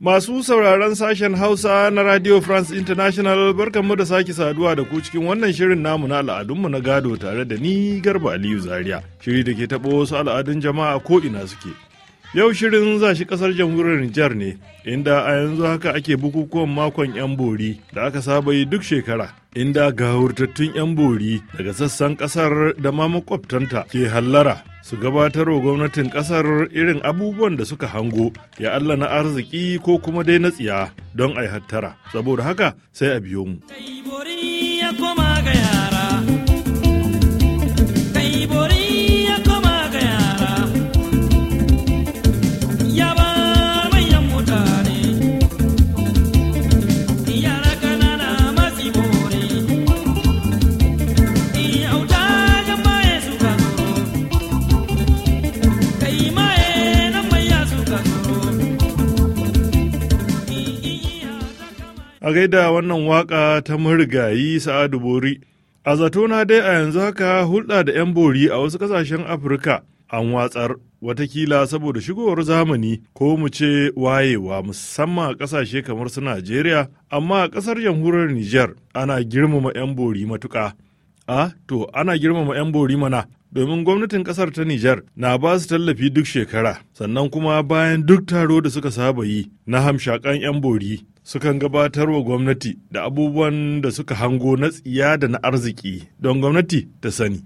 Masu sauraron sashen Hausa na Radio France International barkanmu da sake saduwa da ku cikin wannan shirin namu na al'adunmu na gado tare da ni Garba Aliyu Zaria. Shiri da ke taɓo wasu al'adun jama'a ko ina suke. Yau shirin zashi kasar jamhuriyar Nijar ne, inda a yanzu haka ake bukukuwan makon 'yan bori da aka saba yi duk shekara, inda hurtattun 'yan bori daga sassan kasar da ma makwabtanta ke hallara su gabatar wa gwamnatin kasar irin abubuwan da suka hango ya Allah na arziki ko kuma dai na tsiya don a hattara, saboda haka sai a biyo mu. a gaida wannan waka ta marigayi sa'adu bori a zatona dai a yanzu haka hulɗa da 'yan bori a wasu ƙasashen afirka an watsar watakila saboda shigowar zamani ko mu ce wayewa musamman a ƙasashe kamar su najeriya amma a ƙasar jamhuriyar niger ana girmama 'yan bori matuƙa A, to ana girmama 'yan bori mana. domin gwamnatin kasar ta Nijar na ba su tallafi duk shekara, sannan kuma bayan duk taro da suka saba yi na hamshakan 'yan bori sukan gabatar wa gwamnati da abubuwan da suka hango na tsiya da na arziki don gwamnati ta sani.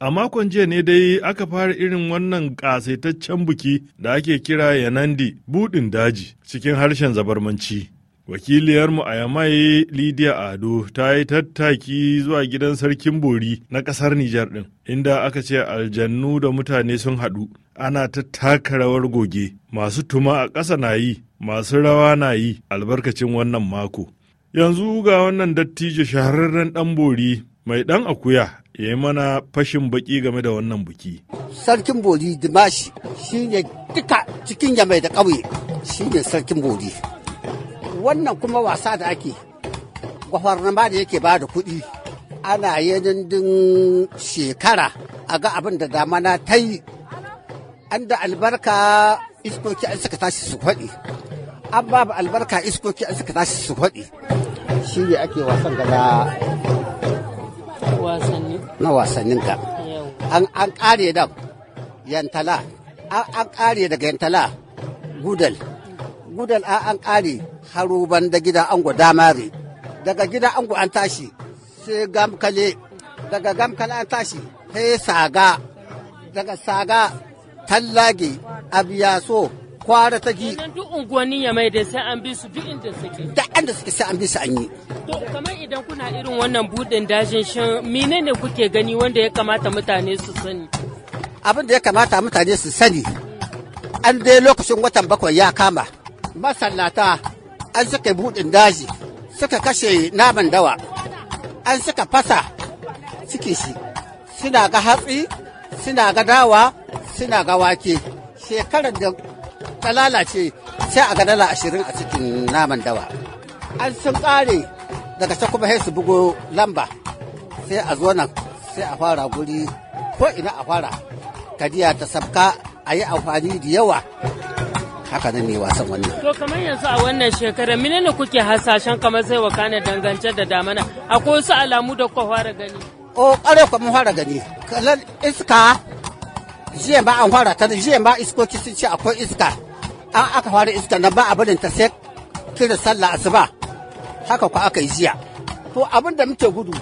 A makon jiya ne dai aka fara irin wannan ƙasaitaccen biki da ake kira Yanandi buɗin daji cikin harshen zabarmanci. Wakiliyarmu a Yamai Lidiya Ado ta yi tattaki zuwa gidan sarkin Bori na ƙasar Nijar din inda aka ce aljannu da mutane sun haɗu, ana ta rawar goge, masu tuma a ƙasa na yi, masu rawa na yi albarkacin wannan mako. Yanzu ga wannan dattijo shahararren ɗan Bori mai ɗan akuya ya yi mana fashin baƙi game da wannan buki. Sarkin Bori Dimashi shi duka cikin yamai da ƙauye shi sarkin Bori. wannan kuma wasa da ake gwamnati da yake ba da kuɗi ana din shekara a ga abin da damana ta yi an da albarka iskoki an suka tashi su faɗi an ba albarka iskoki an suka tashi su faɗi shi ne ake wasan gada na wasannin ka an ƙare da yantala an ƙare daga yantala gudal gudal an kare haruban da gida ango damare daga gida ango an tashi sai gamkale daga gamkale an tashi sai saga daga saga tallage abiyaso kwara ta ji duk unguwanni ya mai da sai an bi su duk inda suke da inda suke sai an bi su an yi to kamar idan kuna irin wannan budin dajin shan menene kuke gani wanda ya kamata mutane su sani abin da ya kamata mutane su sani an dai lokacin watan bakwai ya kama masallata an suka buɗin daji suka kashe naman dawa an suka fasa ciki shi suna ga hatsi suna ga dawa suna ga wake shekarar da ta lalace sai a ga dala ashirin a cikin naman dawa an sun ƙare daga ta kuma su bugo lamba sai a zo nan sai a fara guri ko ina a fara kadiya ta sabka a yi amfani da yawa haka nan mai wasan wannan to kamar yanzu a wannan shekarar menene kuke hasashen kamar zai wakana dangance da damana akwai wasu alamu da kuka fara gani o ƙwarai kuma fara gani kalan iska jiya ba an fara ta jiya ba iskoki sun ce akwai iska an aka fara iska na ba abin ta sai kira sallah asuba haka ku aka yi jiya to abin da muke gudu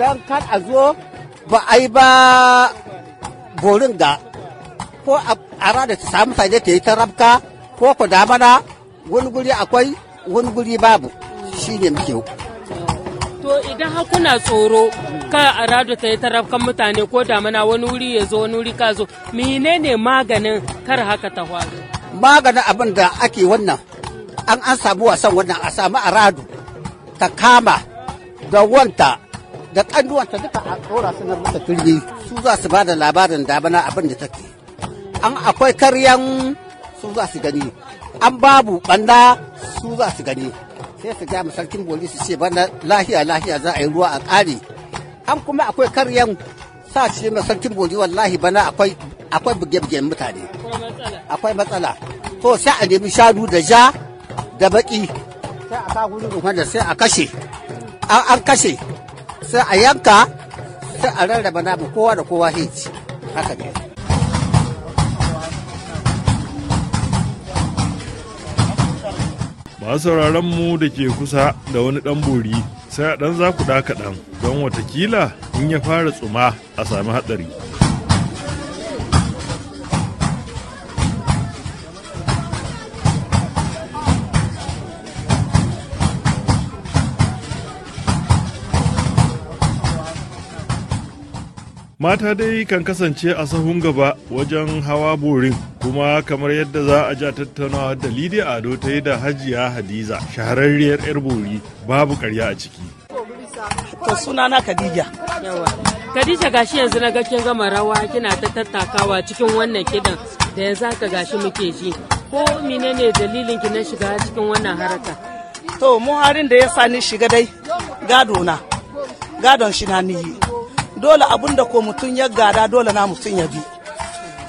don kar a zo ba a yi ba borin ga ko a rada ta samu sanye ta yi ta rabka ko ku damana wani guri akwai wani guri babu shi ne muke To idan hakuna tsoro ka a rada ta yi rabkan mutane ko damana wani wuri ya zo wani wuri ka zo menene maganin kar haka ta faru. Maganin abin da ake wannan an an samu wasan wannan a samu a rado ta kama da wanta da ƙanduwanta duka a tsora su na su za su ba da labarin damana abin da take. an akwai karyan su za su gani an babu banda su za su gani sai su gaya sarkin boli su ce bana lahiya lahiya za a yi ruwa a kare an kuma akwai karyan sa ce sarkin boli wallahi bana akwai akwai buge mutane akwai matsala to sai a nemi shanu da ja da baki sai a sa gudu da sai a kashe an kashe sai a yanka sai a rarraba namu kowa da kowa heci haka ne masu sauraron mu da ke kusa da wani ɗan bori sai a ɗan zakuɗa kaɗan don watakila in ya fara tsuma a sami hatsari. mata dai kan kasance a sahun gaba wajen hawa borin kuma kamar yadda za a ja tattaunawa da lidiya ado ta yi da hajiya hadiza shahararriyar yar bori babu karya a ciki to sunana khadija khadija gashi yanzu na kin gama rawa kina ta tattakawa cikin wannan kidan da yanzu haka gashi muke ji ko menene dalilin ki na shiga cikin wannan haraka to mu harin da ya sani ni shiga dai gado gadon shi na niyi dole abun da ko mutum ya gada dole na mutum ya bi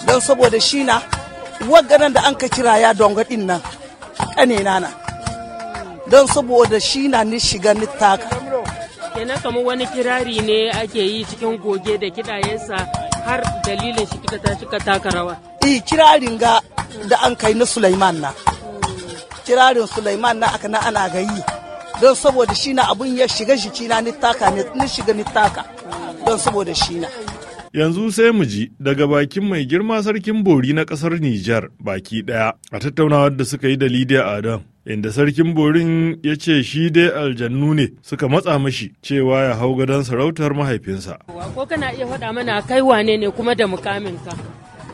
don saboda shi na waganan da an ka kira ya dongadin nan kane na don saboda shi na ni shiga ni taka kenan kamar wani kirari ne ake yi cikin goge da kidayensa har dalilin shi kika tashi ka taka rawa eh kirarin ga da an kai na Sulaiman na kirarin Sulaiman na aka na ana gayi don saboda shi na abun ya shiga shi na ni taka ni shiga ni taka don saboda shi na. Yanzu sai mu ji daga bakin mai girma sarkin bori na kasar Nijar baki daya a tattaunawar da suka yi da Lydia Adam. Inda sarkin borin ya ce shi dai aljannu ne suka matsa mashi cewa ya hau gadon sarautar mahaifinsa. Ko kana iya faɗa mana kai wane ne kuma da mukaminka?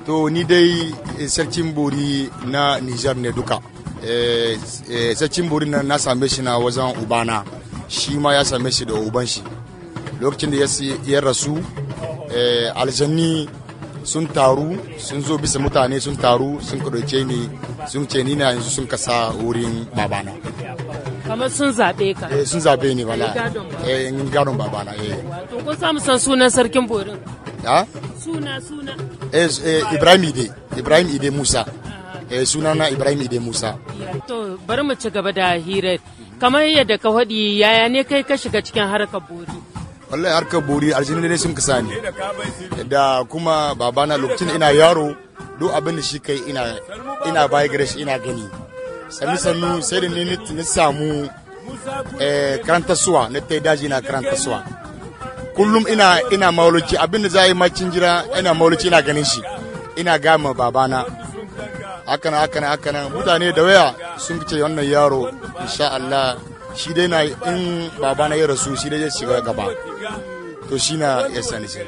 To ni dai eh, sarkin bori na Nijar ne duka. Eh, eh, sarkin bori na same shi na wajen ubana, shi ma ya same shi da uban lokacin da ya rasu eh, aljanni sun taru sun zo bisa mutane sun taru sun kudace ni sun ce ni na yanzu sun kasa wurin babana kamar sun zaɓe ka eh sun zaɓe ni bala eh in gadon babana eh to kun samu san sunan sarkin borin ha suna suna eh, eh ibrahim ide ibrahim ide musa eh sunana ibrahim ide musa to bari mu ci gaba da hirar kamar yadda ka faɗi yaya ne kai ka shiga cikin harkar bori wallahi harkar bori aljini ne sun kasa ne da kuma babana lokacin ina yaro duk abin da shi kai ina ina baya gare shi ina gani sami sannu sai da ni samu eh, karanta suwa na ta daji na karanta suwa kullum ina ina mauluci abin da za yi macin jira ina mauluci ina ganin shi ina gama babana hakan hakan hakan mutane da waya sun ce wannan yaro insha Allah shi dai na in babana ya rasu shi dai ya shiga gaba to shi na ya sani shi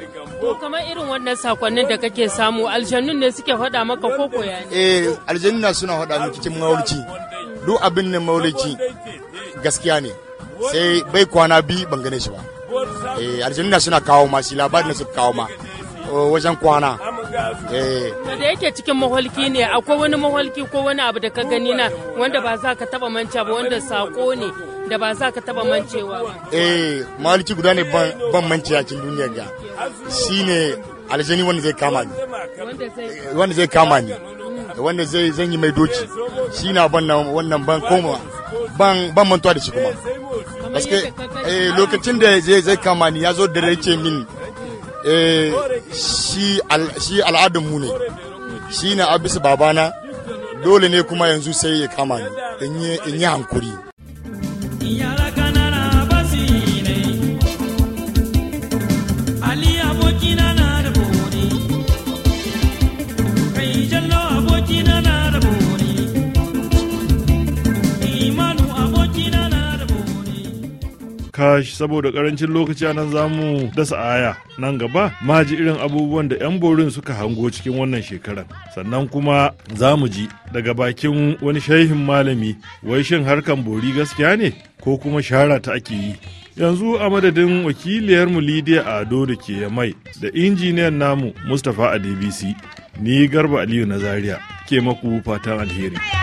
to kamar irin wannan sakonnin da kake samu aljannun ne suke faɗa maka ko koya ne eh aljannuna suna faɗa miki cikin maulici duk abin nan maulici gaskiya ne sai bai kwana bi ban gane shi ba eh aljannuna suna kawo ma shi labarin su kawo ma wajen kwana eh. da yake cikin maholki ne akwai wani maholki ko wani abu da ka gani na wanda ba za ka taba manta ba wanda sako ne da ba za ka taba mancewa ba eh maliki guda ne ban mance a cikin duniya ga shine aljani wanda zai kama ni wanda zai eh, kama ni wanda zai zan yi mai doki shi na ban wannan ban koma ban ban mantuwa da shi kuma gaske eh lokacin da zai zai kama ni ya zo da rake min eh shi shi al'adun mu ne shi na abisu babana dole ne kuma yanzu sai ya kama ni in yi hankuri Kashi, saboda karancin lokaci a nan za dasa aya nan gaba ma ji irin abubuwan da 'yan borin suka hango cikin wannan shekarar sannan kuma za mu ji daga bakin wani shaihin malami wai shin harkan bori gaskiya ne ko kuma shara ta ake yi yanzu a madadin wakiliyarmu lidiya ado da ke mai da injiniyan namu mustapha a dbc ni garba aliyu na Zariya, ke maku fatan alheri